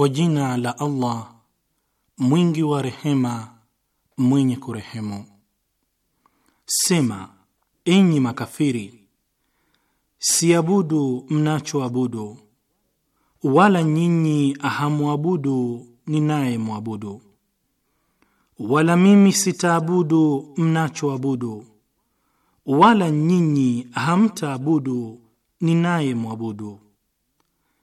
Kwa jina la Allah mwingi wa rehema, mwenye kurehemu. Sema, enyi makafiri, siabudu mnachoabudu, wala nyinyi hamwabudu ninaye mwabudu, wala mimi sitaabudu mnachoabudu, wala nyinyi hamtaabudu ninaye mwabudu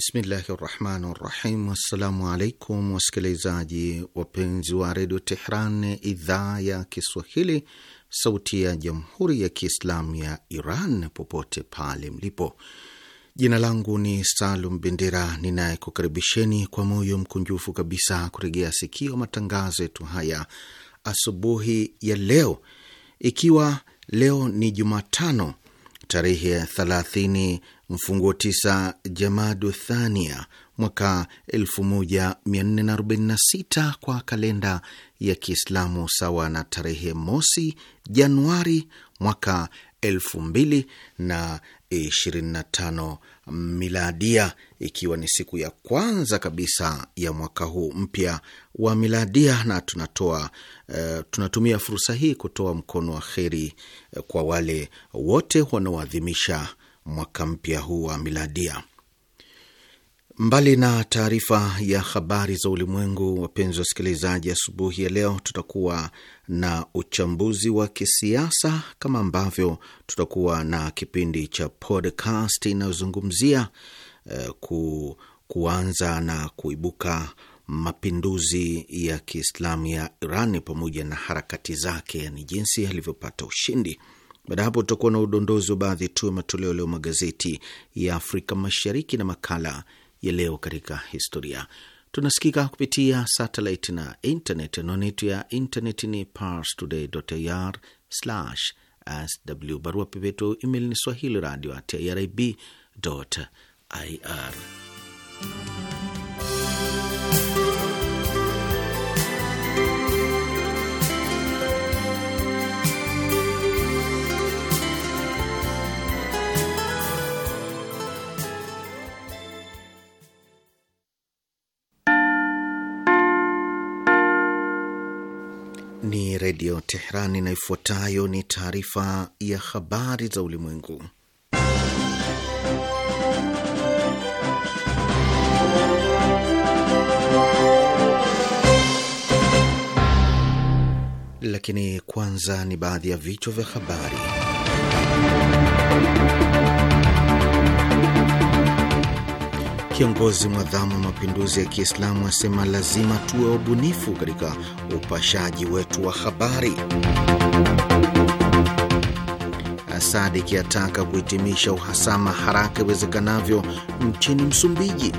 Bismillahi rahmani rahim. Assalamu alaikum wasikilizaji wapenzi wa redio Tehran, idhaa ya Kiswahili, sauti ya jamhuri ya Kiislamu ya Iran, popote pale mlipo. Jina langu ni Salum Bendera ninayekukaribisheni kwa moyo mkunjufu kabisa kuregea sikio matangazo yetu haya asubuhi ya leo, ikiwa leo ni Jumatano tarehe ya 30 mfunguo 9 Jamadu Thania mwaka 1446 kwa kalenda ya Kiislamu, sawa na tarehe mosi Januari mwaka 2025 miladia, ikiwa ni siku ya kwanza kabisa ya mwaka huu mpya wa miladia, na tunatoa uh, tunatumia fursa hii kutoa mkono wa kheri eh, kwa wale wote wanaoadhimisha mwaka mpya huu wa miladia. Mbali na taarifa ya habari za ulimwengu, wapenzi wa wasikilizaji, asubuhi ya leo tutakuwa na uchambuzi wa kisiasa kama ambavyo tutakuwa na kipindi cha podcast inayozungumzia eh, ku, kuanza na kuibuka mapinduzi ya Kiislamu ya Iran pamoja na harakati zake, yani jinsi alivyopata ushindi. Baada ya hapo tutakuwa na udondozi wa baadhi tu ya matoleo leo magazeti ya Afrika Mashariki na makala ya leo katika historia. Tunasikika kupitia satellite na internet. Anwani yetu ya internet ni parstoday.ir/sw. Barua pepe yetu email ni swahili radio ir Redio Teherani, na ifuatayo ni taarifa ya habari za ulimwengu. Lakini kwanza ni baadhi ya vichwa vya habari. Kiongozi mwadhamu wa mapinduzi ya Kiislamu asema lazima tuwe wabunifu katika upashaji wetu wa habari. Sadiki yataka kuhitimisha uhasama haraka iwezekanavyo nchini Msumbiji.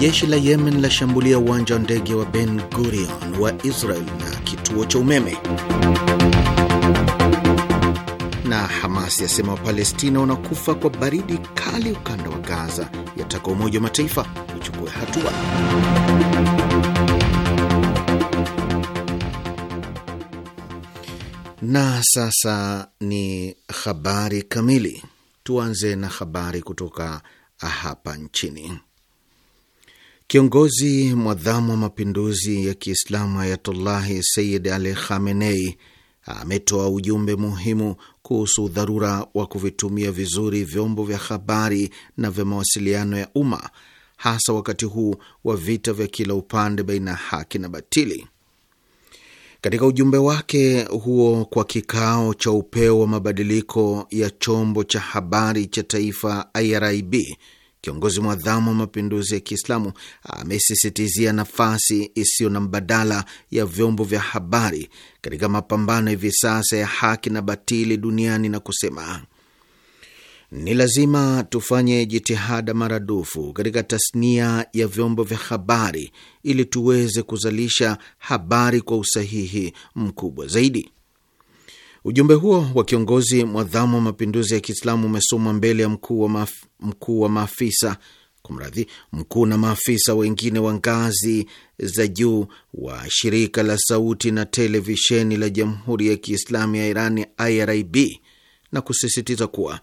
Jeshi la Yemen lashambulia uwanja wa ndege wa Ben Gurion wa Israel na kituo cha umeme. Hamas yasema Wapalestina wanakufa kwa baridi kali ukanda wa Gaza, yataka Umoja wa Mataifa uchukue hatua. Na sasa ni habari kamili. Tuanze na habari kutoka hapa nchini. Kiongozi mwadhamu wa mapinduzi ya Kiislamu Ayatullahi Sayid Ali Khamenei ametoa ujumbe muhimu kuhusu udharura wa kuvitumia vizuri vyombo vya habari na vya mawasiliano ya umma hasa wakati huu wa vita vya kila upande baina ya haki na batili. Katika ujumbe wake huo kwa kikao cha upeo wa mabadiliko ya chombo cha habari cha taifa IRIB, kiongozi mwadhamu wa mapinduzi ya Kiislamu amesisitizia nafasi isiyo na mbadala ya vyombo vya habari katika mapambano hivi sasa ya haki na batili duniani na kusema ni lazima tufanye jitihada maradufu katika tasnia ya vyombo vya habari ili tuweze kuzalisha habari kwa usahihi mkubwa zaidi. Ujumbe huo wa kiongozi mwadhamu wa mapinduzi ya Kiislamu umesomwa mbele ya mkuu wa, maf mkuu wa maafisa kumradhi, mkuu na maafisa wengine wa ngazi za juu wa shirika la sauti na televisheni la Jamhuri ya Kiislamu ya Irani IRIB na kusisitiza kuwa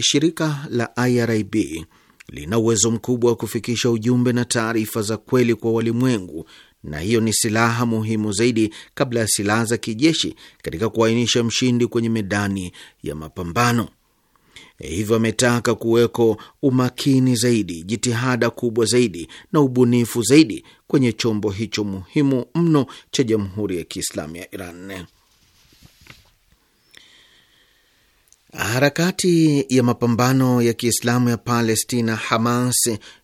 shirika la IRIB lina uwezo mkubwa wa kufikisha ujumbe na taarifa za kweli kwa walimwengu na hiyo ni silaha muhimu zaidi kabla ya silaha za kijeshi katika kuainisha mshindi kwenye medani ya mapambano. E, hivyo ametaka kuweko umakini zaidi, jitihada kubwa zaidi na ubunifu zaidi kwenye chombo hicho muhimu mno cha Jamhuri ya Kiislamu ya Iran. Harakati ya mapambano ya Kiislamu ya Palestina, Hamas,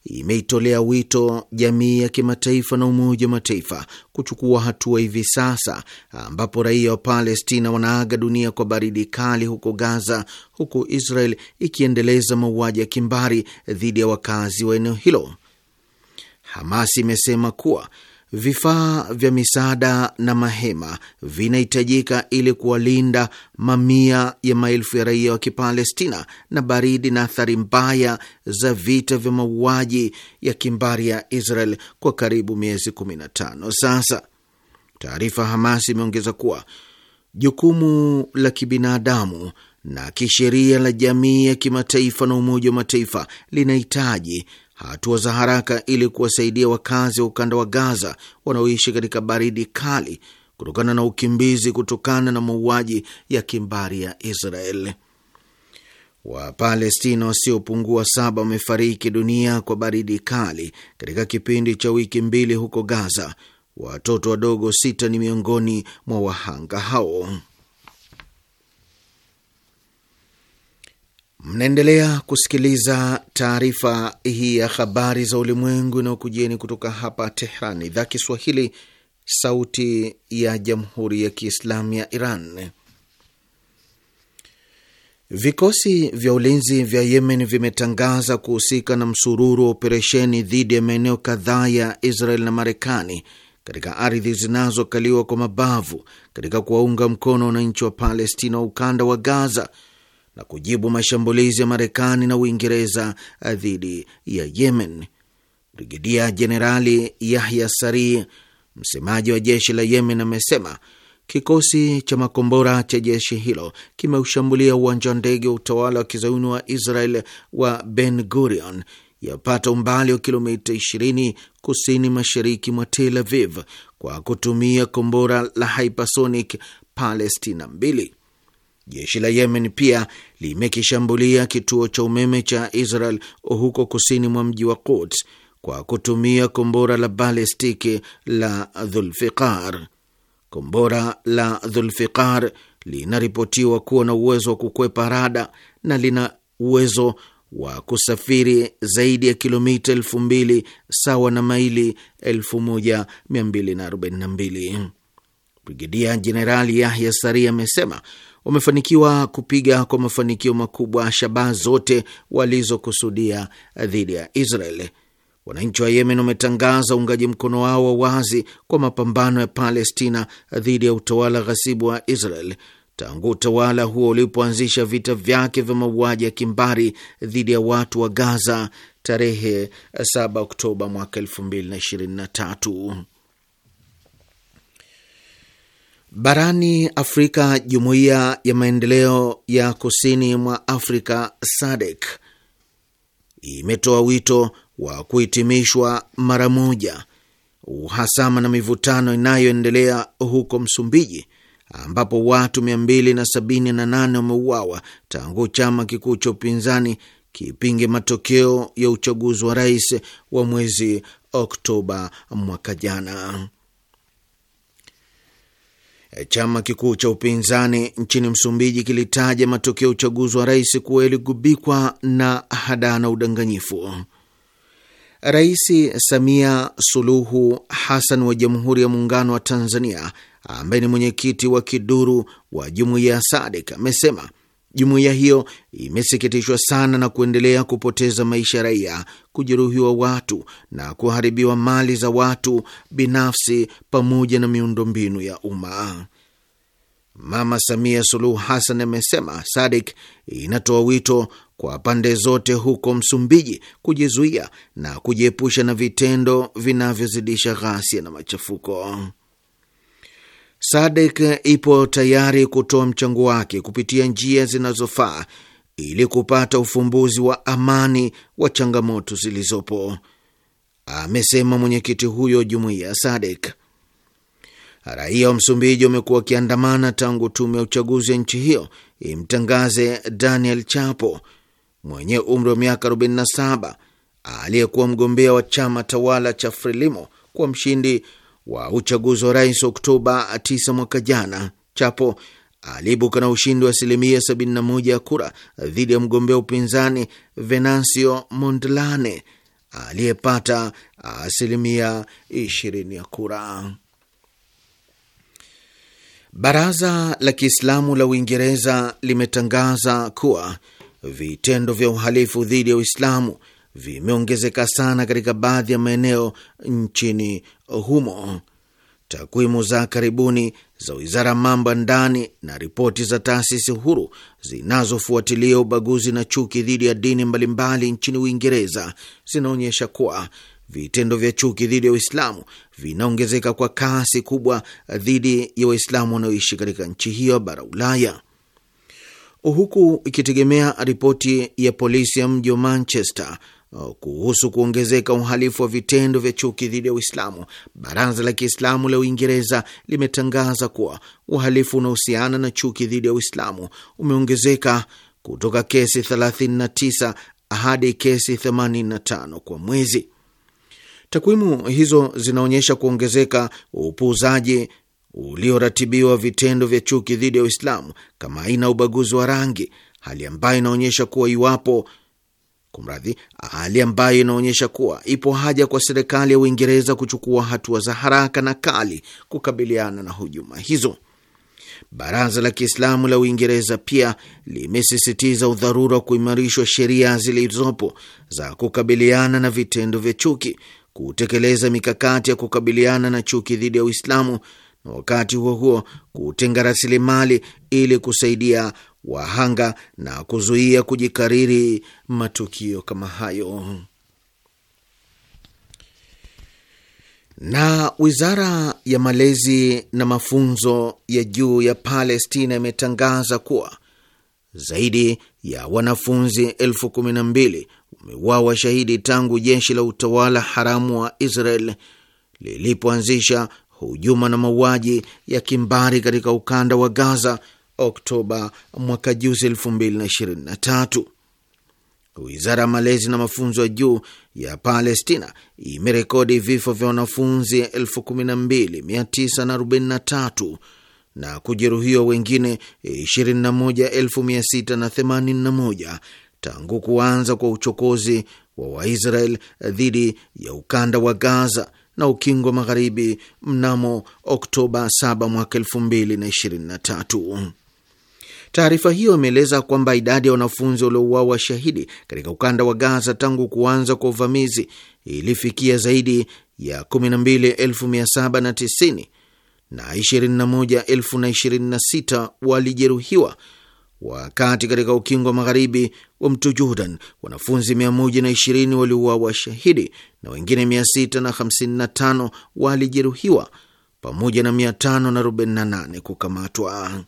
imeitolea wito jamii ya kimataifa na Umoja wa Mataifa kuchukua hatua hivi sasa, ambapo raia wa Palestina wanaaga dunia kwa baridi kali huko Gaza, huku Israel ikiendeleza mauaji ya kimbari dhidi ya wakazi wa eneo hilo. Hamas imesema kuwa Vifaa vya misaada na mahema vinahitajika ili kuwalinda mamia ya maelfu ya raia wa Kipalestina na baridi na athari mbaya za vita vya mauaji ya kimbari ya Israel kwa karibu miezi 15 sasa. Taarifa Hamas imeongeza kuwa jukumu la kibinadamu na kisheria la jamii ya kimataifa na Umoja wa Mataifa linahitaji hatua za haraka ili kuwasaidia wakazi wa ukanda wa Gaza wanaoishi katika baridi kali kutokana na ukimbizi kutokana na mauaji ya kimbari ya Israel. Wapalestina wasiopungua saba wamefariki dunia kwa baridi kali katika kipindi cha wiki mbili huko Gaza. Watoto wadogo sita ni miongoni mwa wahanga hao. Mnaendelea kusikiliza taarifa hii ya habari za ulimwengu inayokujieni kutoka hapa Tehran, idhaa Kiswahili, sauti ya jamhuri ya kiislamu ya Iran. Vikosi vya ulinzi vya Yemen vimetangaza kuhusika na msururu wa operesheni dhidi ya maeneo kadhaa ya Israel na Marekani katika ardhi zinazokaliwa kwa mabavu katika kuwaunga mkono wananchi wa Palestina wa ukanda wa Gaza na kujibu mashambulizi ya Marekani na Uingereza dhidi ya Yemen. Brigedia Jenerali Yahya Sari, msemaji wa jeshi la Yemen, amesema kikosi cha makombora cha jeshi hilo kimeushambulia uwanja wa ndege wa utawala wa kizayuni wa Israel wa Ben Gurion yapata umbali wa kilomita 20 kusini mashariki mwa Tel Aviv kwa kutumia kombora la hypersonic Palestina mbili. Jeshi la Yemen pia limekishambulia kituo cha umeme cha Israel huko kusini mwa mji wa Quds kwa kutumia kombora la balestiki la Dhulfiqar. Kombora la Dhulfiqar linaripotiwa kuwa na uwezo wa kukwepa rada na lina uwezo wa kusafiri zaidi ya kilomita elfu mbili sawa na maili elfu moja mia mbili na arobaini na mbili. Brigedia Jenerali Yahya Sari amesema wamefanikiwa kupiga kwa mafanikio makubwa shabaha zote walizokusudia dhidi ya Israeli. Wananchi wa Yemen wametangaza uungaji mkono wao wa wazi kwa mapambano ya Palestina dhidi ya utawala ghasibu wa Israel tangu utawala huo ulipoanzisha vita vyake vya mauaji ya kimbari dhidi ya watu wa Gaza tarehe 7 Oktoba mwaka 2023. Barani Afrika, jumuiya ya maendeleo ya kusini mwa Afrika SADC imetoa wito wa kuhitimishwa mara moja uhasama na mivutano inayoendelea huko Msumbiji, ambapo watu 278 wameuawa tangu chama kikuu cha upinzani kipinge matokeo ya uchaguzi wa rais wa mwezi Oktoba mwaka jana chama kikuu cha upinzani nchini Msumbiji kilitaja matokeo ya uchaguzi wa rais kuwa yaligubikwa na hadaa na udanganyifu. Rais Samia Suluhu Hassan wa Jamhuri ya Muungano wa Tanzania, ambaye ni mwenyekiti wa kiduru wa jumuiya ya SADC, amesema Jumuiya hiyo imesikitishwa sana na kuendelea kupoteza maisha raia, kujeruhiwa watu na kuharibiwa mali za watu binafsi pamoja na miundombinu ya umma. Mama Samia Suluhu Hassan amesema SADC inatoa wito kwa pande zote huko Msumbiji kujizuia na kujiepusha na vitendo vinavyozidisha ghasia na machafuko. SADC ipo tayari kutoa mchango wake kupitia njia zinazofaa ili kupata ufumbuzi wa amani wa changamoto zilizopo, amesema mwenyekiti huyo jumuiya ya SADC. Raia wa Msumbiji wamekuwa wakiandamana tangu tume ya uchaguzi ya nchi hiyo imtangaze Daniel Chapo mwenye umri wa miaka 47 aliyekuwa mgombea wa chama tawala cha Frelimo kuwa mshindi wa uchaguzi wa rais Oktoba 9 mwaka jana, Chapo aliibuka na ushindi wa asilimia 71 ya kura dhidi ya mgombea upinzani Venancio Mondlane aliyepata asilimia 20 ya kura. Baraza la Kiislamu la Uingereza limetangaza kuwa vitendo vya uhalifu dhidi ya Uislamu vimeongezeka sana katika baadhi ya maeneo nchini humo. Takwimu za karibuni za wizara ya mambo ya ndani na ripoti za taasisi huru zinazofuatilia ubaguzi na chuki dhidi ya dini mbalimbali nchini Uingereza zinaonyesha kuwa vitendo vya chuki dhidi ya Waislamu vinaongezeka kwa kasi kubwa dhidi ya Waislamu wanaoishi katika nchi hiyo ya bara Ulaya, huku ikitegemea ripoti ya polisi ya mji wa Manchester Uh, kuhusu kuongezeka uhalifu wa vitendo vya chuki dhidi ya Uislamu, baraza la Kiislamu la Uingereza limetangaza kuwa uhalifu unaohusiana na chuki dhidi ya Uislamu umeongezeka kutoka kesi 39 hadi kesi 85 kwa mwezi. Takwimu hizo zinaonyesha kuongezeka upuuzaji ulioratibiwa vitendo vya chuki dhidi ya Uislamu kama aina ya ubaguzi wa rangi, hali ambayo inaonyesha kuwa iwapo kumradhi, hali ambayo inaonyesha kuwa ipo haja kwa serikali ya Uingereza kuchukua hatua za haraka na kali kukabiliana na hujuma hizo. Baraza la Kiislamu la Uingereza pia limesisitiza udharura wa kuimarishwa sheria zilizopo za kukabiliana na vitendo vya chuki, kutekeleza mikakati ya kukabiliana na chuki dhidi ya Uislamu na wakati huo huo kutenga rasilimali ili kusaidia wahanga na kuzuia kujikariri matukio kama hayo. Na wizara ya malezi na mafunzo ya juu ya Palestina imetangaza kuwa zaidi ya wanafunzi elfu kumi na mbili wameuawa shahidi tangu jeshi la utawala haramu wa Israel lilipoanzisha hujuma na mauaji ya kimbari katika ukanda wa Gaza Oktoba mwaka juzi tatu. Wizara ya malezi na mafunzo ya juu ya Palestina imerekodi vifo vya wanafunzi 12943 na kujeruhiwa wengine 21681 tangu kuanza kwa uchokozi wa Waisrael dhidi ya ukanda wa Gaza na ukingo magharibi mnamo Oktoba 7 mwaka 2023. Taarifa hiyo imeeleza kwamba idadi ya wanafunzi waliouawa shahidi katika ukanda wa Gaza tangu kuanza kwa uvamizi ilifikia zaidi ya 12790 na 21026 walijeruhiwa, wakati katika ukingo wa magharibi wa mto Jordan wanafunzi 120 waliuawa shahidi na wengine 655 walijeruhiwa pamoja na 548 kukamatwa.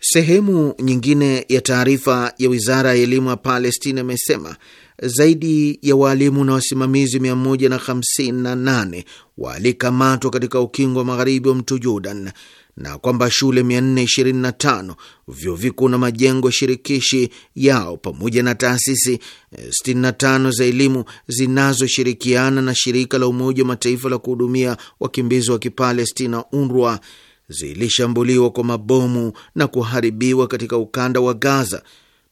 Sehemu nyingine ya taarifa ya wizara ya elimu ya Palestina imesema zaidi ya waalimu na wasimamizi 158 walikamatwa katika ukingo wa magharibi wa mto Jordan na kwamba shule 425 vyuo vikuu na majengo shirikishi yao pamoja na taasisi 65 eh, za elimu zinazoshirikiana na shirika la Umoja wa Mataifa la kuhudumia wakimbizi wa Kipalestina UNRWA zilishambuliwa kwa mabomu na kuharibiwa katika ukanda wa Gaza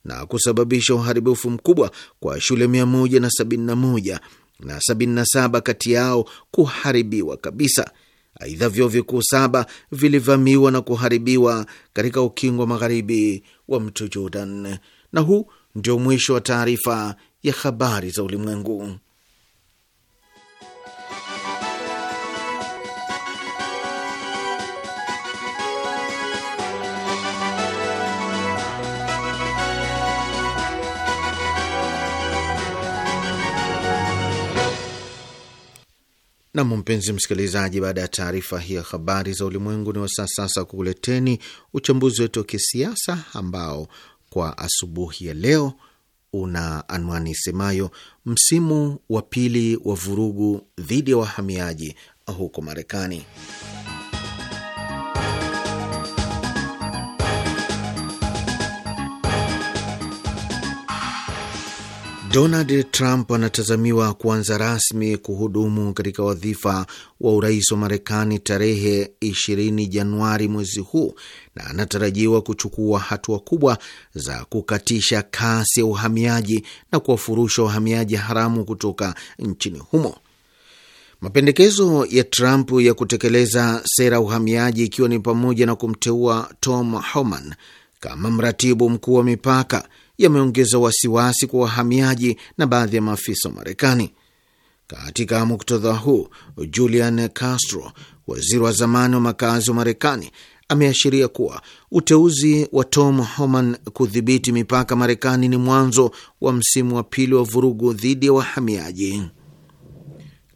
na kusababisha uharibifu mkubwa kwa shule 171 na 77 kati yao kuharibiwa kabisa. Aidha, vyuo vikuu saba vilivamiwa na kuharibiwa katika ukingo magharibi wa mto Jordan. Na huu ndio mwisho wa taarifa ya habari za ulimwengu. Nam, mpenzi msikilizaji, baada ya taarifa hii ya habari za ulimwengu, ni wasaa sasa kukuleteni uchambuzi wetu wa kisiasa ambao kwa asubuhi ya leo una anwani isemayo msimu wa pili wa vurugu dhidi ya wahamiaji huko Marekani. Donald Trump anatazamiwa kuanza rasmi kuhudumu katika wadhifa wa urais wa Marekani tarehe 20 Januari mwezi huu na anatarajiwa kuchukua hatua kubwa za kukatisha kasi ya uhamiaji na kuwafurusha wahamiaji haramu kutoka nchini humo. Mapendekezo ya Trump ya kutekeleza sera ya uhamiaji, ikiwa ni pamoja na kumteua Tom Homan kama mratibu mkuu wa mipaka yameongeza wasiwasi kwa wahamiaji na baadhi ya maafisa wa Marekani. Katika muktadha huu, Julian Castro, waziri wa zamani wa makazi wa Marekani, ameashiria kuwa uteuzi wa Tom Homan kudhibiti mipaka Marekani ni mwanzo wa msimu wa pili wa vurugu dhidi ya wahamiaji.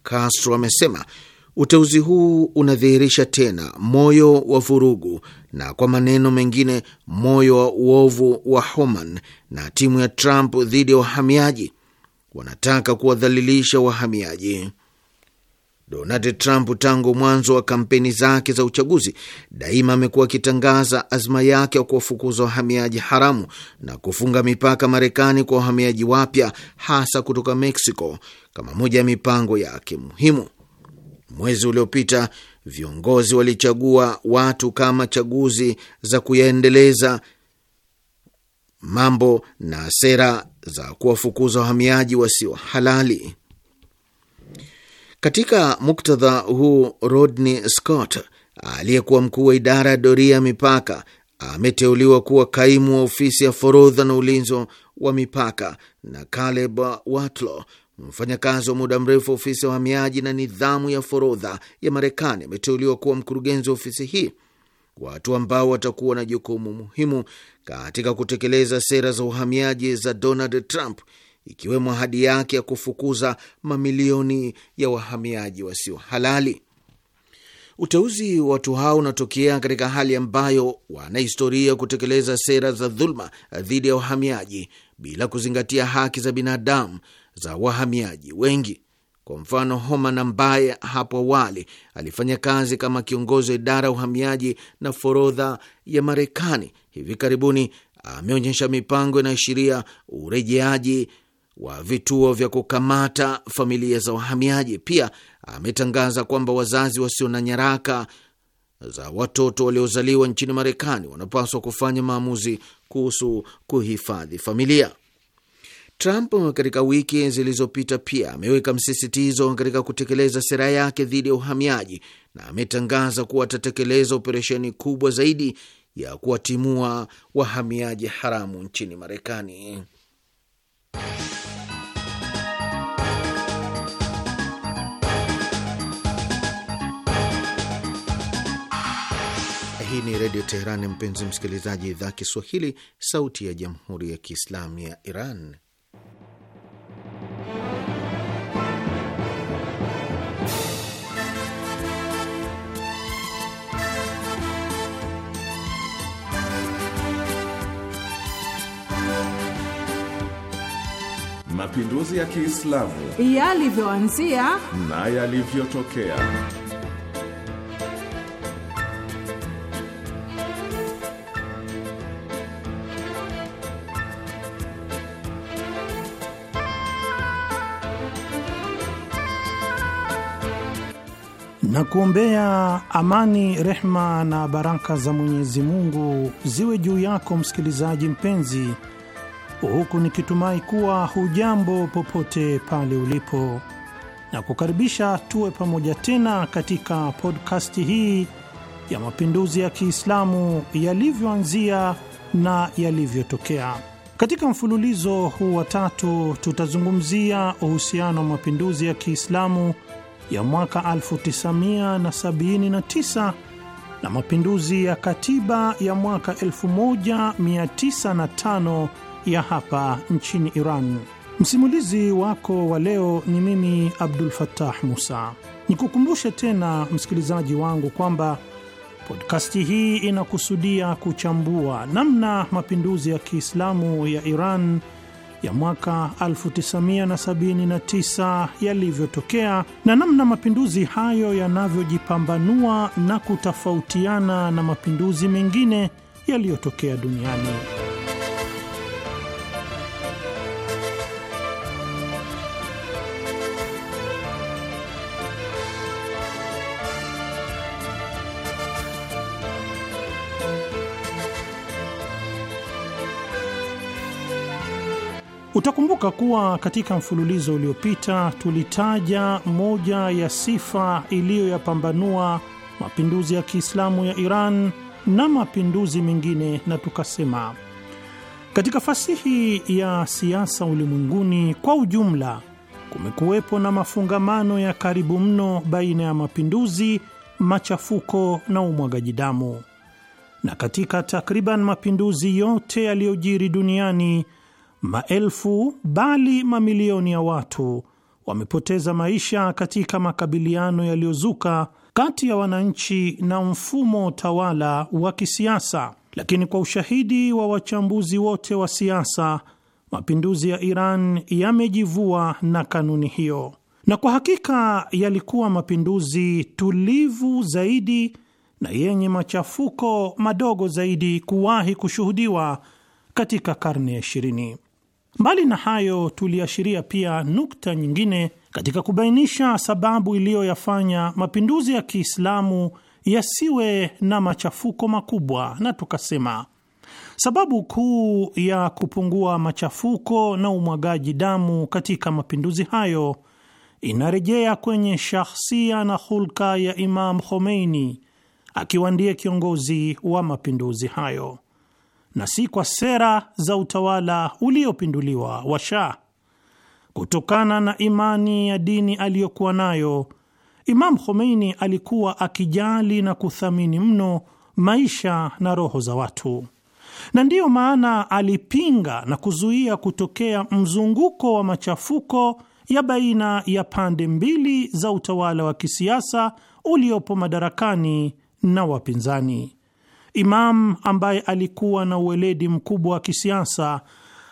Castro amesema Uteuzi huu unadhihirisha tena moyo wa vurugu na kwa maneno mengine, moyo wa uovu wa Homan na timu ya Trump dhidi ya wahamiaji. Wanataka kuwadhalilisha wahamiaji. Donald Trump tangu mwanzo wa kampeni zake za uchaguzi daima amekuwa akitangaza azma yake ya kuwafukuza wahamiaji haramu na kufunga mipaka Marekani kwa wahamiaji wapya hasa kutoka Mexico kama moja ya mipango yake muhimu. Mwezi uliopita viongozi walichagua watu kama chaguzi za kuyaendeleza mambo na sera za kuwafukuza wahamiaji wasio halali. Katika muktadha huu, Rodney Scott aliyekuwa mkuu wa idara ya doria ya mipaka ameteuliwa kuwa kaimu wa ofisi ya forodha na ulinzi wa mipaka na Caleb Watlo, Mfanyakazi wa muda mrefu wa ofisi ya uhamiaji na nidhamu ya forodha ya Marekani ameteuliwa kuwa mkurugenzi wa ofisi hii, watu ambao watakuwa na jukumu muhimu katika kutekeleza sera za uhamiaji za Donald Trump, ikiwemo ahadi yake ya kufukuza mamilioni ya wahamiaji wasio halali. Uteuzi wa watu hao unatokea katika hali ambayo wanahistoria kutekeleza sera za dhuluma dhidi ya wahamiaji bila kuzingatia haki za binadamu za wahamiaji wengi. Kwa mfano, Homan ambaye hapo awali alifanya kazi kama kiongozi wa idara ya uhamiaji na forodha ya Marekani, hivi karibuni ameonyesha mipango inayoashiria urejeaji wa vituo vya kukamata familia za wahamiaji. Pia ametangaza kwamba wazazi wasio na nyaraka za watoto waliozaliwa nchini Marekani wanapaswa kufanya maamuzi kuhusu kuhifadhi familia. Trump katika wiki zilizopita pia ameweka msisitizo katika kutekeleza sera yake dhidi ya uhamiaji na ametangaza kuwa atatekeleza operesheni kubwa zaidi ya kuwatimua wahamiaji haramu nchini Marekani. Hii ni Redio Teheran, mpenzi msikilizaji, idhaa Kiswahili, sauti ya Jamhuri ya Kiislamu ya Iran. mapinduzi ya Kiislamu yalivyoanzia na yalivyotokea. na kuombea amani, rehma na baraka za Mwenyezi Mungu ziwe juu yako msikilizaji mpenzi huku nikitumai kuwa hujambo popote pale ulipo na kukaribisha tuwe pamoja tena katika podkasti hii ya mapinduzi ya Kiislamu yalivyoanzia na yalivyotokea. Katika mfululizo huu wa tatu tutazungumzia uhusiano wa mapinduzi ya Kiislamu ya mwaka 1979 na, na mapinduzi ya katiba ya mwaka 1905 ya hapa nchini Iran. Msimulizi wako wa leo ni mimi Abdul Fattah Musa. Nikukumbushe tena msikilizaji wangu kwamba podkasti hii inakusudia kuchambua namna mapinduzi ya Kiislamu ya Iran ya mwaka 1979 yalivyotokea na namna mapinduzi hayo yanavyojipambanua na kutofautiana na mapinduzi mengine yaliyotokea duniani. Utakumbuka kuwa katika mfululizo uliopita tulitaja moja ya sifa iliyoyapambanua mapinduzi ya Kiislamu ya Iran na mapinduzi mengine, na tukasema katika fasihi ya siasa ulimwenguni kwa ujumla kumekuwepo na mafungamano ya karibu mno baina ya mapinduzi, machafuko na umwagaji damu, na katika takriban mapinduzi yote yaliyojiri duniani maelfu bali mamilioni ya watu wamepoteza maisha katika makabiliano yaliyozuka kati ya wananchi na mfumo tawala wa kisiasa. Lakini kwa ushahidi wa wachambuzi wote wa siasa, mapinduzi ya Iran yamejivua na kanuni hiyo, na kwa hakika yalikuwa mapinduzi tulivu zaidi na yenye machafuko madogo zaidi kuwahi kushuhudiwa katika karne ya ishirini. Mbali na hayo, tuliashiria pia nukta nyingine katika kubainisha sababu iliyoyafanya mapinduzi ya Kiislamu yasiwe na machafuko makubwa, na tukasema sababu kuu ya kupungua machafuko na umwagaji damu katika mapinduzi hayo inarejea kwenye shahsia na hulka ya Imam Khomeini akiwa ndiye kiongozi wa mapinduzi hayo na si kwa sera za utawala uliopinduliwa wa Shah. Kutokana na imani ya dini aliyokuwa nayo, Imam Khomeini alikuwa akijali na kuthamini mno maisha na roho za watu, na ndiyo maana alipinga na kuzuia kutokea mzunguko wa machafuko ya baina ya pande mbili za utawala wa kisiasa uliopo madarakani na wapinzani. Imam ambaye alikuwa na uweledi mkubwa wa kisiasa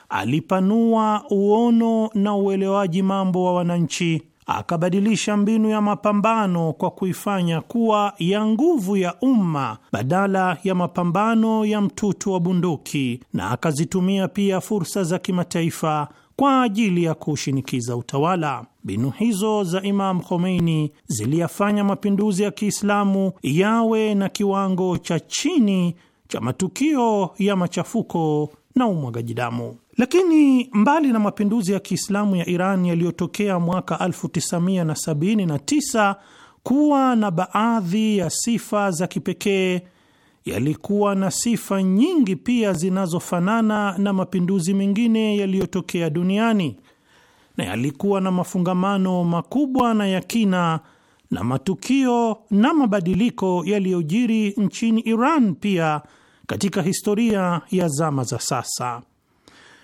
alipanua uono na uelewaji mambo wa wananchi, akabadilisha mbinu ya mapambano kwa kuifanya kuwa ya nguvu ya umma badala ya mapambano ya mtutu wa bunduki, na akazitumia pia fursa za kimataifa kwa ajili ya kushinikiza utawala. Mbinu hizo za Imam Khomeini ziliyafanya mapinduzi ya Kiislamu yawe na kiwango cha chini cha matukio ya machafuko na umwagaji damu. Lakini mbali na mapinduzi ya Kiislamu ya Iran yaliyotokea mwaka 1979 kuwa na baadhi ya sifa za kipekee, yalikuwa na sifa nyingi pia zinazofanana na mapinduzi mengine yaliyotokea duniani na yalikuwa na mafungamano makubwa na ya kina na matukio na mabadiliko yaliyojiri nchini Iran pia katika historia ya zama za sasa.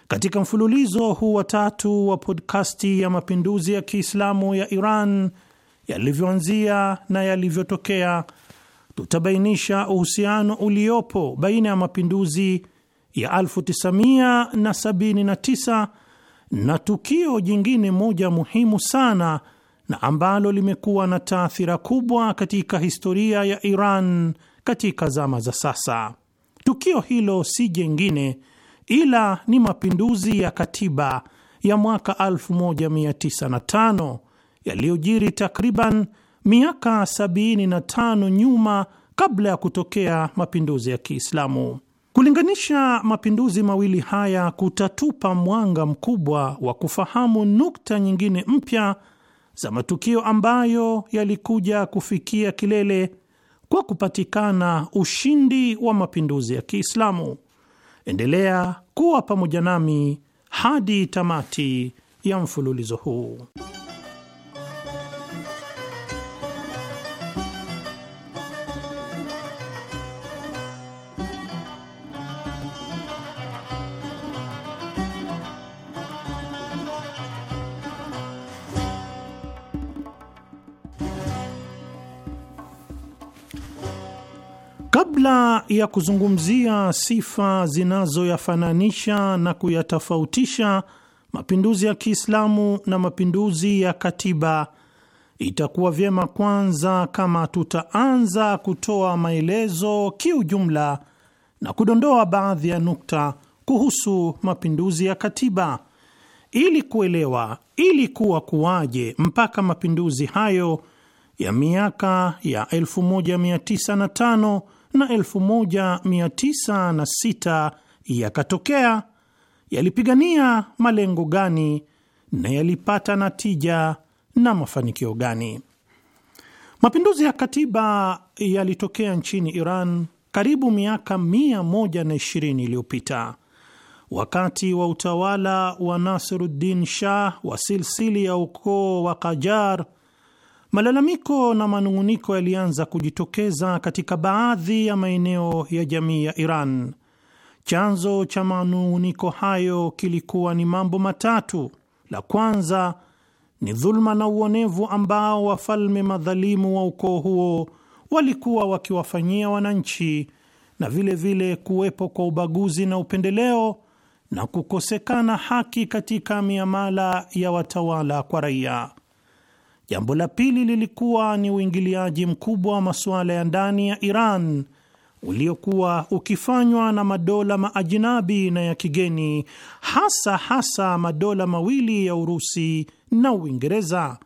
Katika mfululizo huu wa tatu wa podkasti ya mapinduzi ya Kiislamu ya Iran yalivyoanzia na yalivyotokea, tutabainisha uhusiano uliopo baina ya mapinduzi ya 1979 na tukio jingine moja muhimu sana na ambalo limekuwa na taathira kubwa katika historia ya Iran katika zama za sasa. Tukio hilo si jengine ila ni mapinduzi ya katiba ya mwaka 1905 yaliyojiri takriban miaka 75 nyuma kabla ya kutokea mapinduzi ya Kiislamu. Kulinganisha mapinduzi mawili haya kutatupa mwanga mkubwa wa kufahamu nukta nyingine mpya za matukio ambayo yalikuja kufikia kilele kwa kupatikana ushindi wa mapinduzi ya Kiislamu. Endelea kuwa pamoja nami hadi tamati ya mfululizo huu. Kabla ya kuzungumzia sifa zinazoyafananisha na kuyatofautisha mapinduzi ya Kiislamu na mapinduzi ya katiba, itakuwa vyema kwanza kama tutaanza kutoa maelezo kiujumla na kudondoa baadhi ya nukta kuhusu mapinduzi ya katiba ili kuelewa ili kuwa kuwaje mpaka mapinduzi hayo ya miaka ya 1905 na 1906 yakatokea, yalipigania malengo gani na yalipata natija na mafanikio gani? Mapinduzi ya katiba yalitokea nchini Iran karibu miaka 120 iliyopita wakati wa utawala wa Nasiruddin Shah wa silsili ya ukoo wa kajar Malalamiko na manung'uniko yalianza kujitokeza katika baadhi ya maeneo ya jamii ya Iran. Chanzo cha manung'uniko hayo kilikuwa ni mambo matatu. La kwanza ni dhuluma na uonevu ambao wafalme madhalimu wa ukoo huo walikuwa wakiwafanyia wananchi, na vilevile vile kuwepo kwa ubaguzi na upendeleo na kukosekana haki katika miamala ya watawala kwa raia. Jambo la pili lilikuwa ni uingiliaji mkubwa wa masuala ya ndani ya Iran uliokuwa ukifanywa na madola maajinabi na ya kigeni, hasa hasa madola mawili ya Urusi na Uingereza,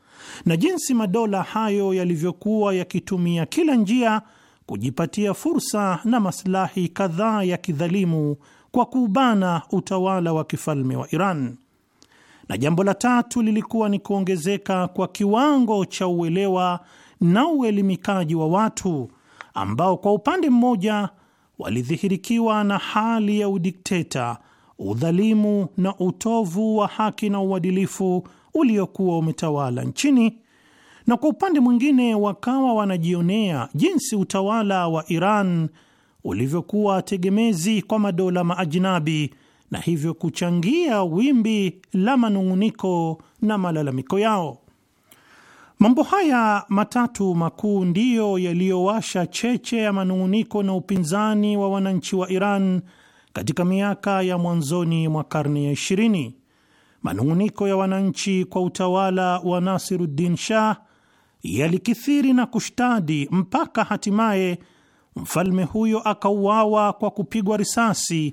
na jinsi madola hayo yalivyokuwa yakitumia kila njia kujipatia fursa na maslahi kadhaa ya kidhalimu kwa kuubana utawala wa kifalme wa Iran na jambo la tatu lilikuwa ni kuongezeka kwa kiwango cha uelewa na uelimikaji wa watu ambao kwa upande mmoja walidhihirikiwa na hali ya udikteta, udhalimu na utovu wa haki na uadilifu uliokuwa umetawala nchini, na kwa upande mwingine wakawa wanajionea jinsi utawala wa Iran ulivyokuwa tegemezi kwa madola maajinabi na hivyo kuchangia wimbi la manung'uniko na malalamiko yao. Mambo haya matatu makuu ndiyo yaliyowasha cheche ya manung'uniko na upinzani wa wananchi wa Iran katika miaka ya mwanzoni mwa karne ya 20. Manung'uniko ya wananchi kwa utawala wa Nasiruddin Shah yalikithiri na kushtadi mpaka hatimaye mfalme huyo akauawa kwa kupigwa risasi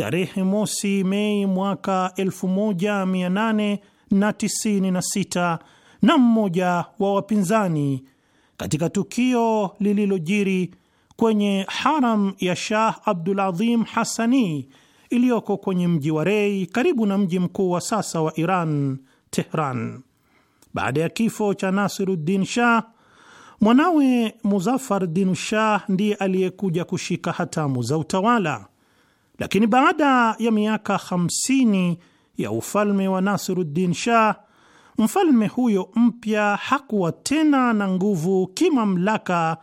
tarehe mosi Mei mwaka 1896 na mmoja wa wapinzani katika tukio lililojiri kwenye haram ya Shah Abdul Adhim iliyoko kwenye mji wa Rei karibu na mji mkuu wa sasa wa Iran, Tehran. Baada ya kifo cha Nasiruddin Shah, mwanawe Muzaffar Dinu Shah ndiye aliyekuja kushika hatamu za utawala. Lakini baada ya miaka 50 ya ufalme wa Nasiruddin Shah, mfalme huyo mpya hakuwa tena na nguvu kimamlaka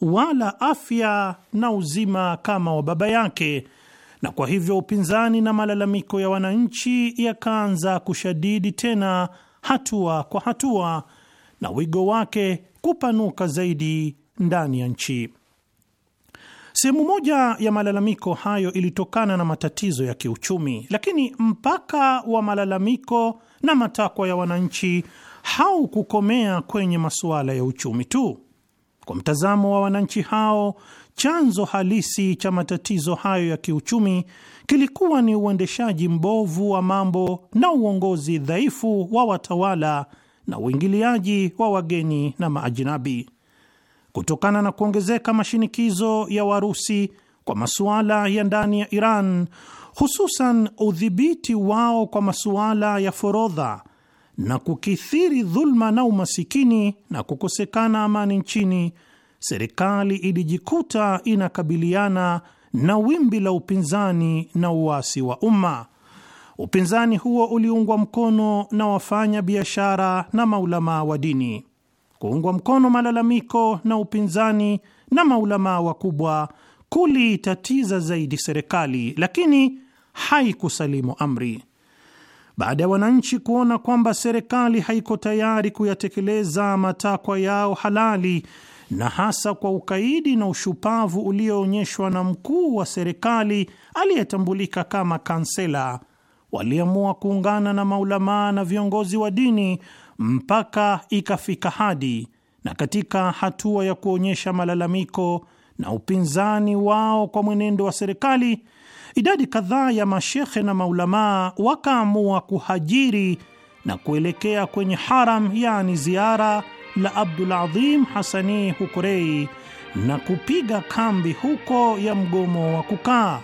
wala afya na uzima kama wa baba yake, na kwa hivyo upinzani na malalamiko ya wananchi yakaanza kushadidi tena hatua kwa hatua, na wigo wake kupanuka zaidi ndani ya nchi. Sehemu moja ya malalamiko hayo ilitokana na matatizo ya kiuchumi, lakini mpaka wa malalamiko na matakwa ya wananchi haukukomea kwenye masuala ya uchumi tu. Kwa mtazamo wa wananchi hao, chanzo halisi cha matatizo hayo ya kiuchumi kilikuwa ni uendeshaji mbovu wa mambo na uongozi dhaifu wa watawala na uingiliaji wa wageni na maajinabi kutokana na kuongezeka mashinikizo ya Warusi kwa masuala ya ndani ya Iran, hususan udhibiti wao kwa masuala ya forodha na kukithiri dhulma na umasikini na kukosekana amani nchini, serikali ilijikuta inakabiliana na wimbi la upinzani na uasi wa umma. Upinzani huo uliungwa mkono na wafanya biashara na maulamaa wa dini kuungwa mkono malalamiko na upinzani na maulamaa wakubwa kuliitatiza zaidi serikali, lakini haikusalimu amri. Baada ya wananchi kuona kwamba serikali haiko tayari kuyatekeleza matakwa yao halali, na hasa kwa ukaidi na ushupavu ulioonyeshwa na mkuu wa serikali aliyetambulika kama kansela, waliamua kuungana na maulamaa na viongozi wa dini mpaka ikafika hadi na katika hatua ya kuonyesha malalamiko na upinzani wao kwa mwenendo wa serikali, idadi kadhaa ya mashekhe na maulamaa wakaamua kuhajiri na kuelekea kwenye haram, yani ziara la Abdulazim Hasani Hukurei na kupiga kambi huko ya mgomo wa kukaa,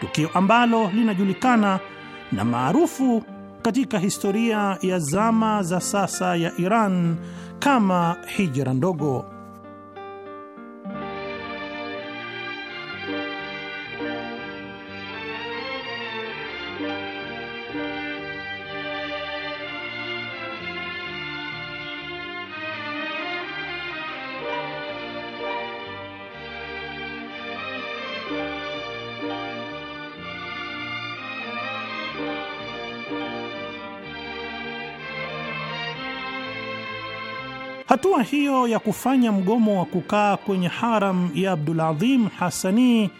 tukio ambalo linajulikana na maarufu katika historia ya zama za sasa ya Iran kama hijra ndogo. Hatua hiyo ya kufanya mgomo wa kukaa kwenye haram ya Abdulazim Hasani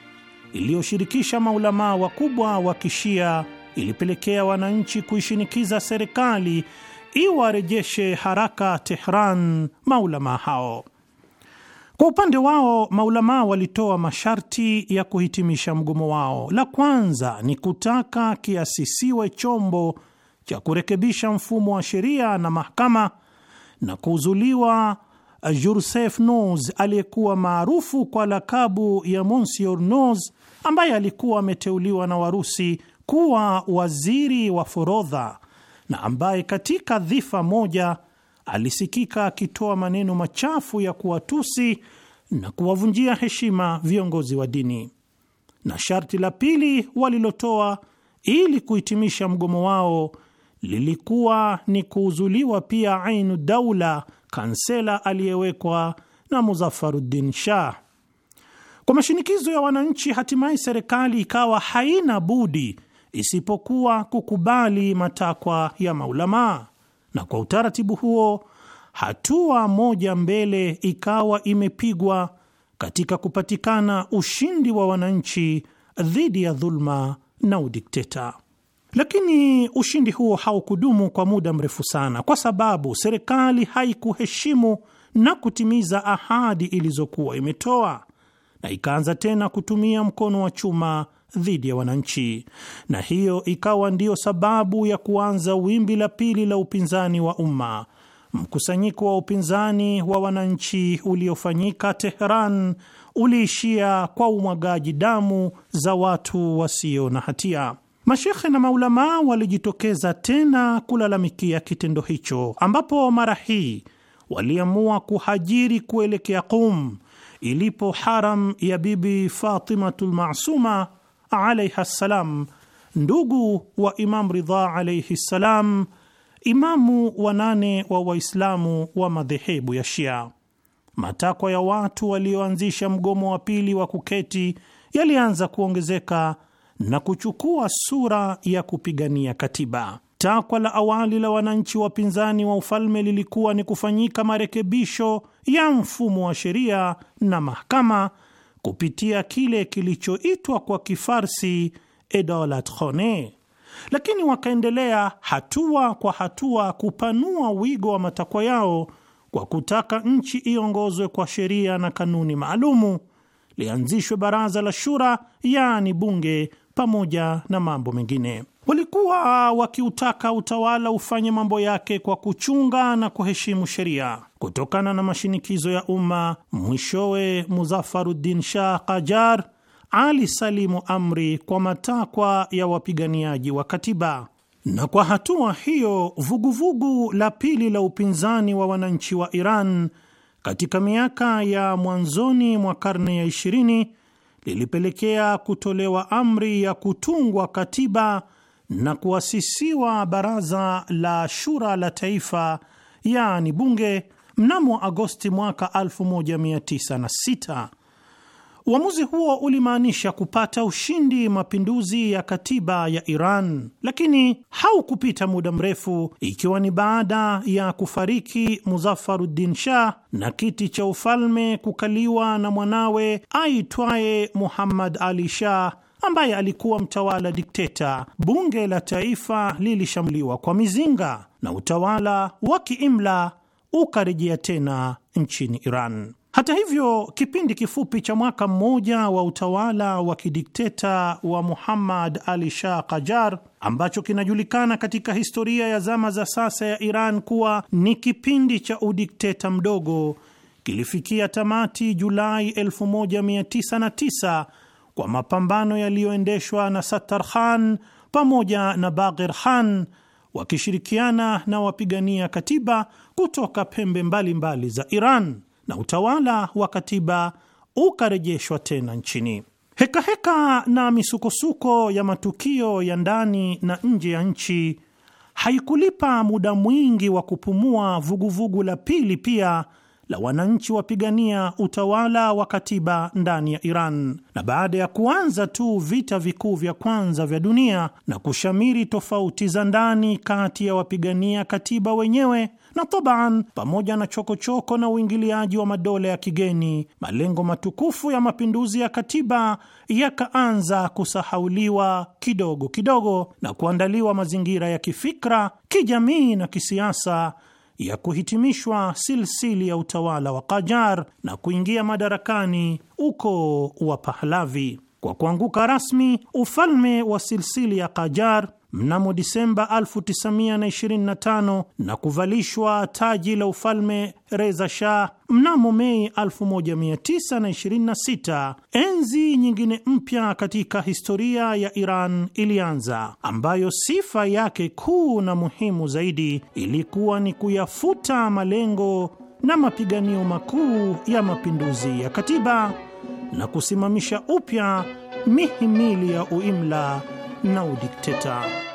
iliyoshirikisha maulamaa wakubwa wa Kishia ilipelekea wananchi kuishinikiza serikali iwarejeshe haraka Tehran maulamaa hao. Kwa upande wao maulamaa walitoa masharti ya kuhitimisha mgomo wao. La kwanza ni kutaka kiasisiwe chombo cha kurekebisha mfumo wa sheria na mahakama na kuuzuliwa Jursef Nos aliyekuwa maarufu kwa lakabu ya Monsieur Nos, ambaye alikuwa ameteuliwa na Warusi kuwa waziri wa forodha na ambaye katika dhifa moja alisikika akitoa maneno machafu ya kuwatusi na kuwavunjia heshima viongozi wa dini. Na sharti la pili walilotoa ili kuhitimisha mgomo wao lilikuwa ni kuuzuliwa pia Ainu Daula, kansela aliyewekwa na Muzaffaruddin Shah. Kwa mashinikizo ya wananchi, hatimaye serikali ikawa haina budi isipokuwa kukubali matakwa ya maulamaa, na kwa utaratibu huo hatua moja mbele ikawa imepigwa katika kupatikana ushindi wa wananchi dhidi ya dhulma na udikteta. Lakini ushindi huo haukudumu kwa muda mrefu sana, kwa sababu serikali haikuheshimu na kutimiza ahadi ilizokuwa imetoa na ikaanza tena kutumia mkono wa chuma dhidi ya wananchi, na hiyo ikawa ndiyo sababu ya kuanza wimbi la pili la upinzani wa umma, mkusanyiko wa upinzani wa wananchi uliofanyika Teheran uliishia kwa umwagaji damu za watu wasio na hatia. Mashekhe na maulamaa walijitokeza tena kulalamikia kitendo hicho, ambapo mara hii waliamua kuhajiri kuelekea Qum ilipo haram ya Bibi Fatimatu lmasuma alaiha ssalam, ndugu wa Imam Ridha alaihi ssalam, imamu wa nane wa Waislamu wa madhehebu ya Shia. Matakwa ya watu walioanzisha mgomo wa pili wa kuketi yalianza kuongezeka na kuchukua sura ya kupigania katiba. Takwa la awali la wananchi wapinzani wa ufalme lilikuwa ni kufanyika marekebisho ya mfumo wa sheria na mahakama kupitia kile kilichoitwa kwa Kifarsi edolat edolatkhane, lakini wakaendelea hatua kwa hatua kupanua wigo wa matakwa yao kwa kutaka nchi iongozwe kwa sheria na kanuni maalumu, lianzishwe baraza la shura, yaani bunge pamoja na mambo mengine. Walikuwa wakiutaka utawala ufanye mambo yake kwa kuchunga na kuheshimu sheria. Kutokana na mashinikizo ya umma, mwishowe Muzaffaruddin Shah Qajar alisalimu amri kwa matakwa ya wapiganiaji wa katiba, na kwa hatua hiyo vuguvugu vugu la pili la upinzani wa wananchi wa Iran katika miaka ya mwanzoni mwa karne ya ishirini lilipelekea kutolewa amri ya kutungwa katiba na kuasisiwa baraza la shura la taifa, yaani bunge, mnamo Agosti mwaka 1906 Uamuzi huo ulimaanisha kupata ushindi mapinduzi ya katiba ya Iran, lakini haukupita muda mrefu, ikiwa ni baada ya kufariki Muzaffaruddin Shah na kiti cha ufalme kukaliwa na mwanawe aitwaye Muhammad Ali Shah ambaye alikuwa mtawala dikteta. Bunge la taifa lilishambuliwa kwa mizinga na utawala wa kiimla ukarejea tena nchini Iran. Hata hivyo, kipindi kifupi cha mwaka mmoja wa utawala wa kidikteta wa Muhammad Ali Shah Qajar ambacho kinajulikana katika historia ya zama za sasa ya Iran kuwa ni kipindi cha udikteta mdogo kilifikia tamati Julai 1909 kwa mapambano yaliyoendeshwa na Sattar Khan pamoja na Bagher Khan wakishirikiana na wapigania katiba kutoka pembe mbalimbali mbali za Iran na utawala wa katiba ukarejeshwa tena nchini. Hekaheka heka na misukosuko ya matukio ya ndani na nje ya nchi haikulipa muda mwingi wa kupumua vuguvugu vugu la pili pia la wananchi wapigania utawala wa katiba ndani ya Iran. Na baada ya kuanza tu vita vikuu vya kwanza vya dunia na kushamiri tofauti za ndani kati ya wapigania katiba wenyewe na taban, pamoja na chokochoko choko na uingiliaji wa madola ya kigeni, malengo matukufu ya mapinduzi ya katiba yakaanza kusahauliwa kidogo kidogo na kuandaliwa mazingira ya kifikra, kijamii na kisiasa ya kuhitimishwa silsili ya utawala wa Qajar na kuingia madarakani uko wa Pahlavi. Kwa kuanguka rasmi ufalme wa silsili ya Qajar mnamo Disemba 1925 na kuvalishwa taji la ufalme Reza Shah mnamo Mei 1926, enzi nyingine mpya katika historia ya Iran ilianza, ambayo sifa yake kuu na muhimu zaidi ilikuwa ni kuyafuta malengo na mapiganio makuu ya mapinduzi ya katiba na kusimamisha upya mihimili ya uimla na udikteta.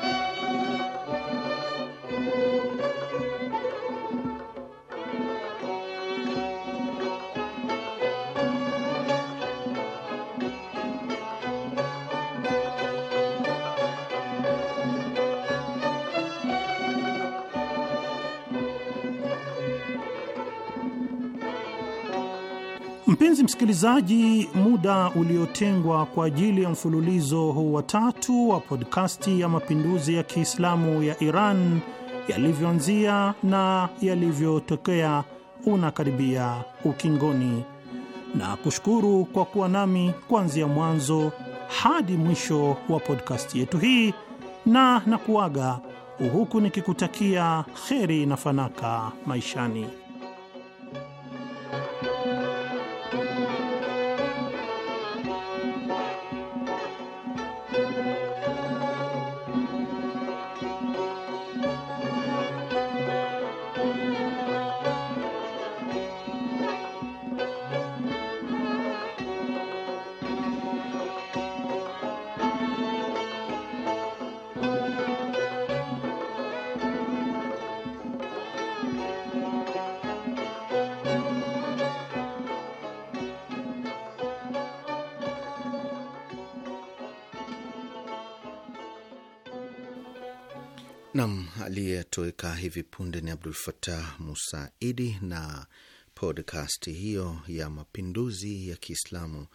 Mpenzi msikilizaji, muda uliotengwa kwa ajili ya mfululizo huu wa tatu wa podkasti ya mapinduzi ya Kiislamu ya Iran yalivyoanzia na yalivyotokea unakaribia ukingoni, na kushukuru kwa kuwa nami kuanzia mwanzo hadi mwisho wa podkasti yetu hii, na na kuaga huku nikikutakia kheri na fanaka maishani. Aliyetoweka hivi punde ni Abdul Fatah Musaidi, na podcast hiyo ya mapinduzi ya Kiislamu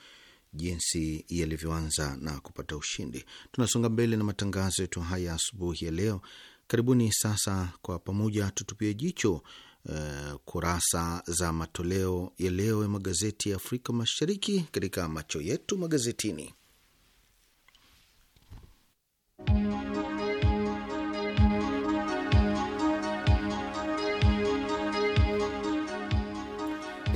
jinsi yalivyoanza na kupata ushindi. Tunasonga mbele na matangazo yetu haya asubuhi ya leo. Karibuni sasa, kwa pamoja tutupie jicho Uh, kurasa za matoleo ya leo ya magazeti ya Afrika Mashariki katika macho yetu magazetini.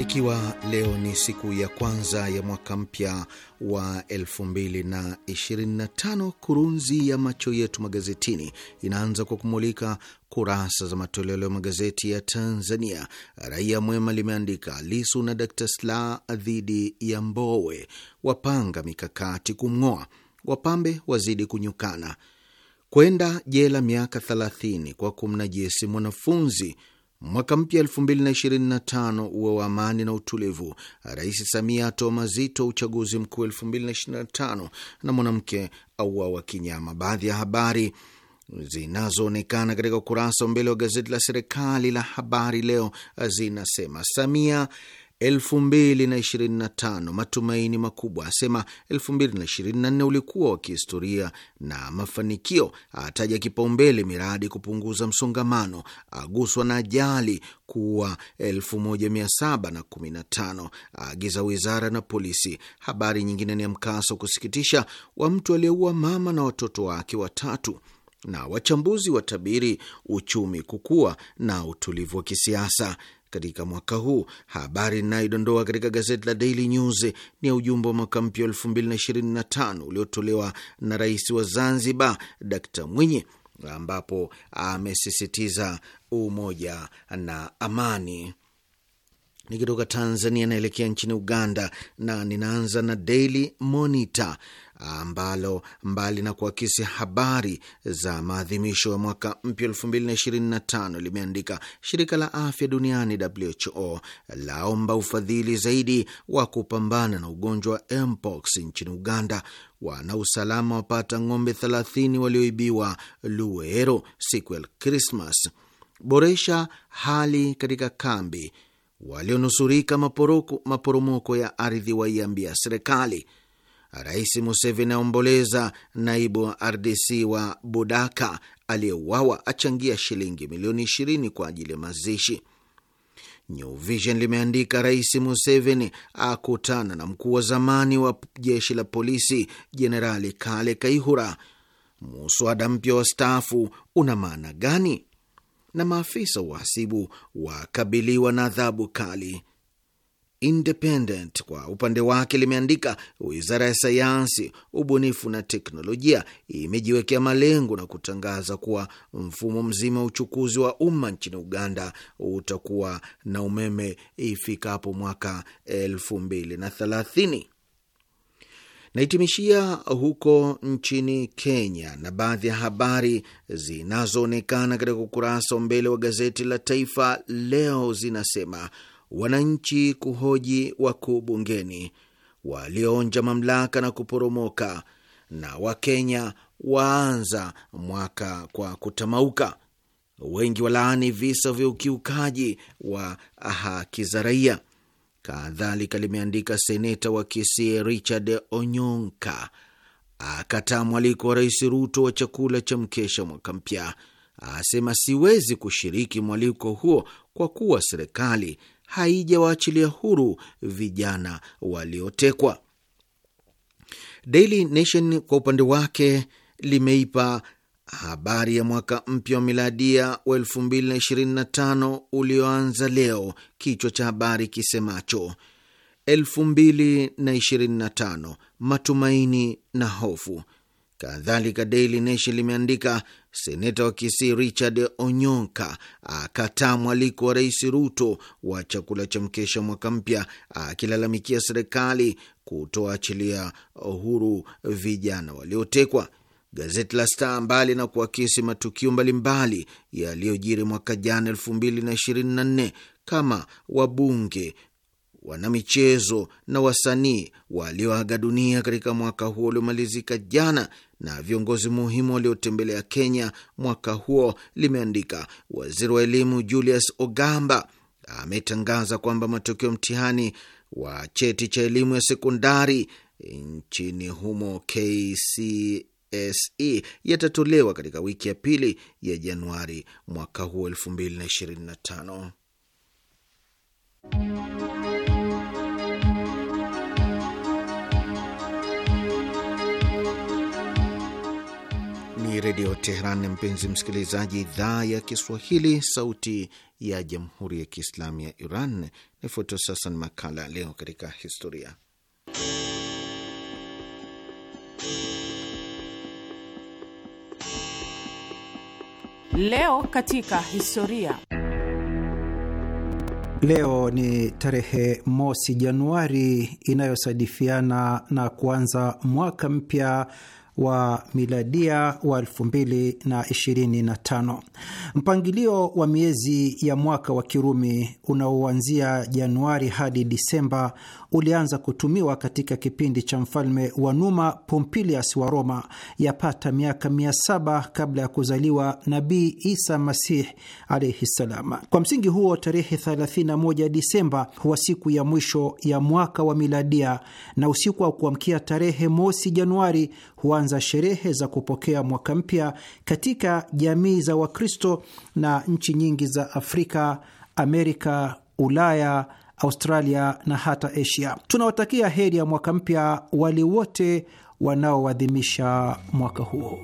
ikiwa leo ni siku ya kwanza ya mwaka mpya wa 2025 kurunzi ya macho yetu magazetini inaanza kwa kumulika kurasa za matoleo ya magazeti ya Tanzania. Raia Mwema limeandika Lisu na Dkt sla dhidi ya Mbowe wapanga mikakati kumng'oa, wapambe wazidi kunyukana, kwenda jela miaka 30 kwa kumnajisi mwanafunzi Mwaka mpya 2025 uwe wa amani na utulivu. Rais Samia atoa mazito uchaguzi mkuu 2025 na mwanamke wa kinyama. Baadhi ya habari zinazoonekana katika ukurasa wa mbele wa gazeti la serikali la Habari Leo zinasema Samia 2025 matumaini makubwa, asema 2024 ulikuwa wa kihistoria na mafanikio, ataja kipaumbele miradi kupunguza msongamano, aguswa na ajali kuwa 1715, agiza wizara na polisi. Habari nyingine ni ya mkasa kusikitisha wa mtu aliyeua mama na watoto wake watatu na wachambuzi watabiri uchumi kukua na utulivu wa kisiasa katika mwaka huu. Habari inayodondoa katika gazeti la Daily News ni ya ujumbe wa mwaka mpya wa 225 uliotolewa na rais wa Zanzibar Dkt Mwinyi, ambapo amesisitiza umoja na amani. Nikitoka Tanzania naelekea nchini Uganda na ninaanza na Daily Monitor ambalo mbali na kuakisi habari za maadhimisho ya mwaka mpya 225 limeandika shirika la afya duniani WHO laomba ufadhili zaidi wa kupambana na ugonjwa wa mpox nchini Uganda. Wanausalama wapata ng'ombe 30 walioibiwa Luero siku ya Krismas. Boresha hali katika kambi walionusurika maporoko, maporomoko ya ardhi waiambia serikali. Rais Museveni aomboleza naibu wa RDC wa Budaka aliyeuawa achangia shilingi milioni 20 kwa ajili ya mazishi. New Vision limeandika Rais Museveni akutana na mkuu wa zamani wa jeshi la polisi Jenerali Kale Kaihura. Muswada mpya wa staafu una maana gani? na maafisa uhasibu wakabiliwa na adhabu kali. Independent kwa upande wake limeandika, wizara ya sayansi, ubunifu na teknolojia imejiwekea malengo na kutangaza kuwa mfumo mzima wa uchukuzi wa umma nchini Uganda utakuwa na umeme ifikapo mwaka elfu mbili na thelathini. Nahitimishia huko nchini Kenya na baadhi ya habari zinazoonekana katika ukurasa wa mbele wa gazeti la Taifa Leo zinasema wananchi kuhoji wakuu bungeni, walioonja mamlaka na kuporomoka, na Wakenya waanza mwaka kwa kutamauka, wengi walaani visa vya ukiukaji wa haki za raia. Kadhalika limeandika seneta wa Kisii Richard Onyonka akataa mwaliko wa Rais Ruto wa chakula cha mkesha mwaka mpya, asema siwezi kushiriki mwaliko huo kwa kuwa serikali haijawaachilia huru vijana waliotekwa. Daily Nation kwa upande wake limeipa habari ya mwaka mpya wa miladia wa 2025 ulioanza leo, kichwa cha habari kisemacho 2025 matumaini na hofu. Kadhalika, Daily Nation limeandika seneta wa Kisii Richard Onyonka akataa mwaliko wa Rais Ruto wa chakula cha mkesha mwaka mpya, akilalamikia serikali kutoachilia huru vijana waliotekwa. Gazeti la Star, mbali na kuakisi matukio mbalimbali yaliyojiri mwaka jana 2024 kama wabunge, wanamichezo na wasanii walioaga dunia katika mwaka huo uliomalizika jana na viongozi muhimu waliotembelea Kenya mwaka huo, limeandika waziri wa elimu Julius Ogamba ametangaza kwamba matokeo mtihani wa cheti cha elimu ya sekondari nchini humo KC SE yatatolewa katika wiki ya pili ya Januari mwaka huu 2025. Ni Redio Teheran, mpenzi msikilizaji, idhaa ya Kiswahili, sauti ya Jamhuri ya Kiislamu ya Iran. Nifuatayo sasa ni makala ya leo katika historia Leo katika historia. Leo ni tarehe mosi Januari inayosadifiana na kuanza mwaka mpya wa miladia wa 225 Mpangilio wa miezi ya mwaka wa Kirumi unaoanzia Januari hadi Disemba ulianza kutumiwa katika kipindi cha mfalme wa Numa Pompilius wa Roma, yapata miaka mia saba kabla ya kuzaliwa Nabii Isa Masih alaihi ssalam. Kwa msingi huo, tarehe 31 Disemba huwa siku ya mwisho ya mwaka wa miladia, na usiku wa kuamkia tarehe mosi Januari huanza sherehe za kupokea mwaka mpya katika jamii za Wakristo na nchi nyingi za Afrika, Amerika, Ulaya Australia na hata Asia. Tunawatakia heri ya mwaka mpya wale wote wanaoadhimisha mwaka huo.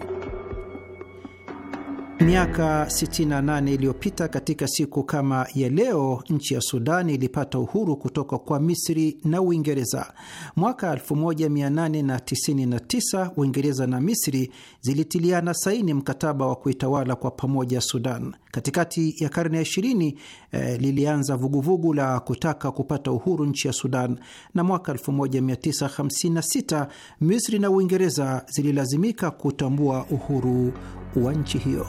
Miaka 68 iliyopita katika siku kama ya leo, nchi ya Sudani ilipata uhuru kutoka kwa Misri na Uingereza. Mwaka 1899 Uingereza na Misri zilitiliana saini mkataba wa kuitawala kwa pamoja Sudan. Katikati ya karne ya 20 eh, lilianza vuguvugu la kutaka kupata uhuru nchi ya Sudan, na mwaka 1956 Misri na Uingereza zililazimika kutambua uhuru wa nchi hiyo.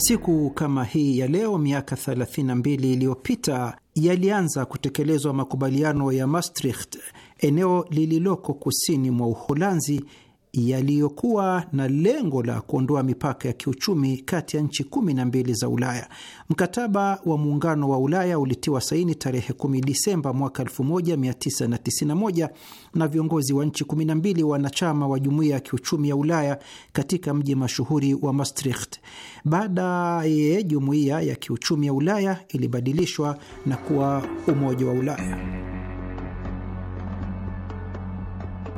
Siku kama hii ya leo miaka 32 iliyopita yalianza kutekelezwa makubaliano ya Maastricht, eneo lililoko kusini mwa Uholanzi yaliyokuwa na lengo la kuondoa mipaka ya kiuchumi kati ya nchi kumi na mbili za Ulaya. Mkataba wa Muungano wa Ulaya ulitiwa saini tarehe 10 Disemba mwaka 1991 na viongozi wa nchi mbili wanachama wa Jumuiya ya Kiuchumi ya Ulaya katika mji mashuhuri wa Maastricht. Baadaye Jumuiya ya Kiuchumi ya Ulaya ilibadilishwa na kuwa Umoja wa Ulaya.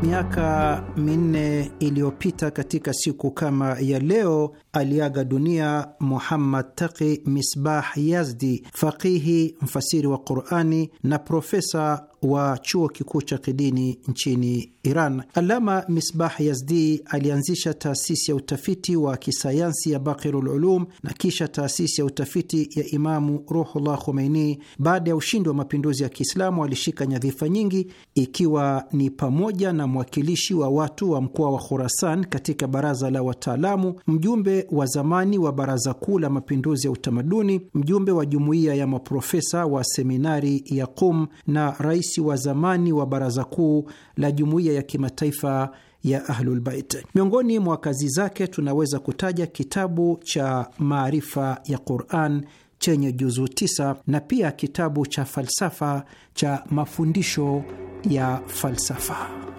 Miaka minne iliyopita katika siku kama ya leo aliaga dunia Muhammad Taqi Misbah Yazdi, faqihi, mfasiri wa Qurani na profesa wa chuo kikuu cha kidini nchini Iran. Alama Misbah Yazdi alianzisha taasisi ya utafiti wa kisayansi ya Bakirul Ulum na kisha taasisi ya utafiti ya Imamu Ruhullah Khomeini. Baada ya ushindi wa mapinduzi ya Kiislamu, alishika nyadhifa nyingi, ikiwa ni pamoja na mwakilishi wa watu wa mkoa wa Khurasan katika baraza la wataalamu, mjumbe wa zamani wa baraza kuu la mapinduzi ya utamaduni, mjumbe wa jumuiya ya maprofesa wa seminari ya Qum na rais wa zamani wa baraza kuu la jumuiya jumuiya ya kimataifa ya Ahlulbait. Miongoni mwa kazi zake tunaweza kutaja kitabu cha maarifa ya Quran chenye juzu tisa na pia kitabu cha falsafa cha mafundisho ya falsafa.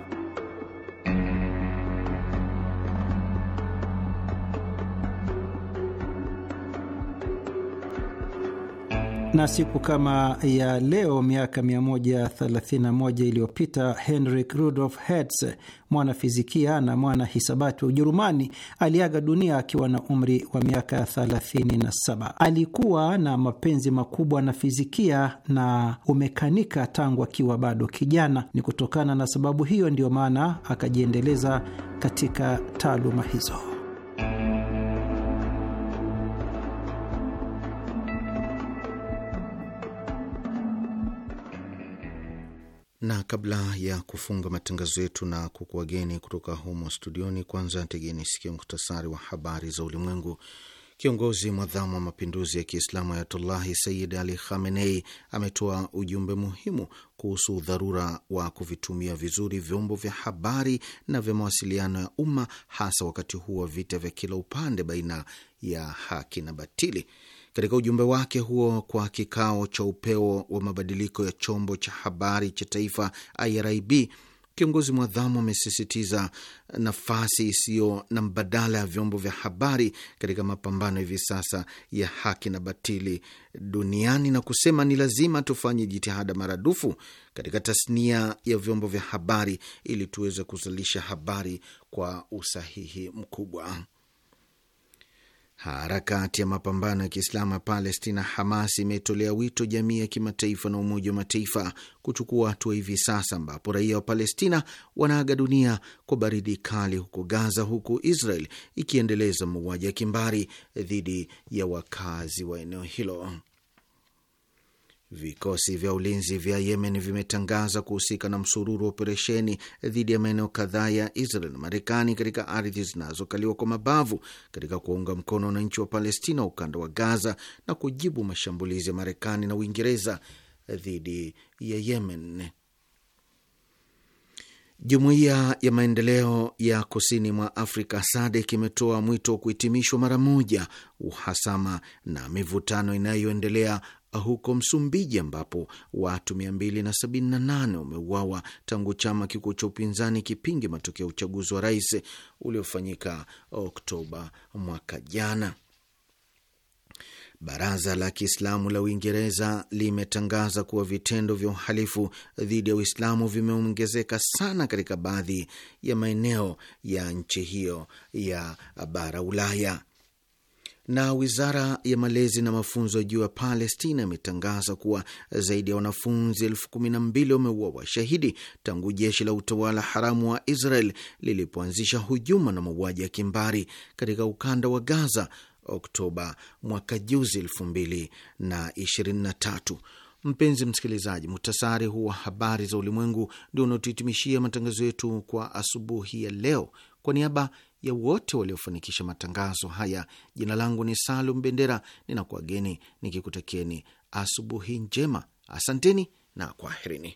na siku kama ya leo miaka 131 iliyopita Henrik Rudolf Hertz, mwanafizikia na mwana hisabati wa Ujerumani, aliaga dunia akiwa na umri wa miaka 37. Alikuwa na mapenzi makubwa na fizikia na umekanika tangu akiwa bado kijana. Ni kutokana na sababu hiyo ndiyo maana akajiendeleza katika taaluma hizo. na kabla ya kufunga matangazo yetu na kukuwageni kutoka humo studioni, kwanza tegeni sikia muhtasari wa habari za ulimwengu. Kiongozi mwadhamu wa mapinduzi ya Kiislamu Ayatullahi Sayyid Ali Khamenei ametoa ujumbe muhimu kuhusu dharura wa kuvitumia vizuri vyombo vya habari na vya mawasiliano ya umma, hasa wakati huu wa vita vya kila upande baina ya haki na batili. Katika ujumbe wake huo kwa kikao cha upeo wa mabadiliko ya chombo cha habari cha taifa IRIB, kiongozi mwadhamu amesisitiza nafasi isiyo na mbadala ya vyombo vya habari katika mapambano hivi sasa ya haki na batili duniani na kusema ni lazima tufanye jitihada maradufu katika tasnia ya vyombo vya habari ili tuweze kuzalisha habari kwa usahihi mkubwa. Harakati ya mapambano ya Kiislamu ya Palestina, Hamas, imetolea wito jamii ya kimataifa na Umoja wa Mataifa kuchukua hatua hivi sasa, ambapo raia wa Palestina wanaaga dunia kwa baridi kali huko Gaza, huku Israel ikiendeleza mauaji ya kimbari dhidi ya wakazi wa eneo hilo. Vikosi vya ulinzi vya Yemen vimetangaza kuhusika na msururu wa operesheni dhidi ya maeneo kadhaa ya Israel na Marekani katika ardhi zinazokaliwa kwa mabavu katika kuwaunga mkono wananchi wa Palestina wa ukanda wa Gaza na kujibu mashambulizi ya Marekani na Uingereza dhidi ya Yemen. Jumuiya ya maendeleo ya kusini mwa Afrika SADC imetoa mwito wa kuhitimishwa mara moja uhasama na mivutano inayoendelea huko Msumbiji, ambapo watu 278 wameuawa tangu chama kikuu cha upinzani kipinge matokeo ya uchaguzi wa rais uliofanyika Oktoba mwaka jana. Baraza la Kiislamu la Uingereza limetangaza kuwa vitendo vya uhalifu dhidi ya Uislamu vimeongezeka sana katika baadhi ya maeneo ya nchi hiyo ya bara Ulaya. Na wizara ya malezi na mafunzo juu ya Palestina imetangaza kuwa zaidi ya wanafunzi elfu kumi na mbili wameua washahidi tangu jeshi la utawala haramu wa Israel lilipoanzisha hujuma na mauaji ya kimbari katika ukanda wa Gaza Oktoba mwaka juzi elfu mbili na ishirini na tatu. Mpenzi msikilizaji, muhtasari huu wa habari za ulimwengu ndio unaotuhitimishia matangazo yetu kwa asubuhi ya leo. Kwa niaba ya wote waliofanikisha matangazo haya. Jina langu ni Salum Bendera, ninakuageni nikikutakieni asubuhi njema. Asanteni na kwaherini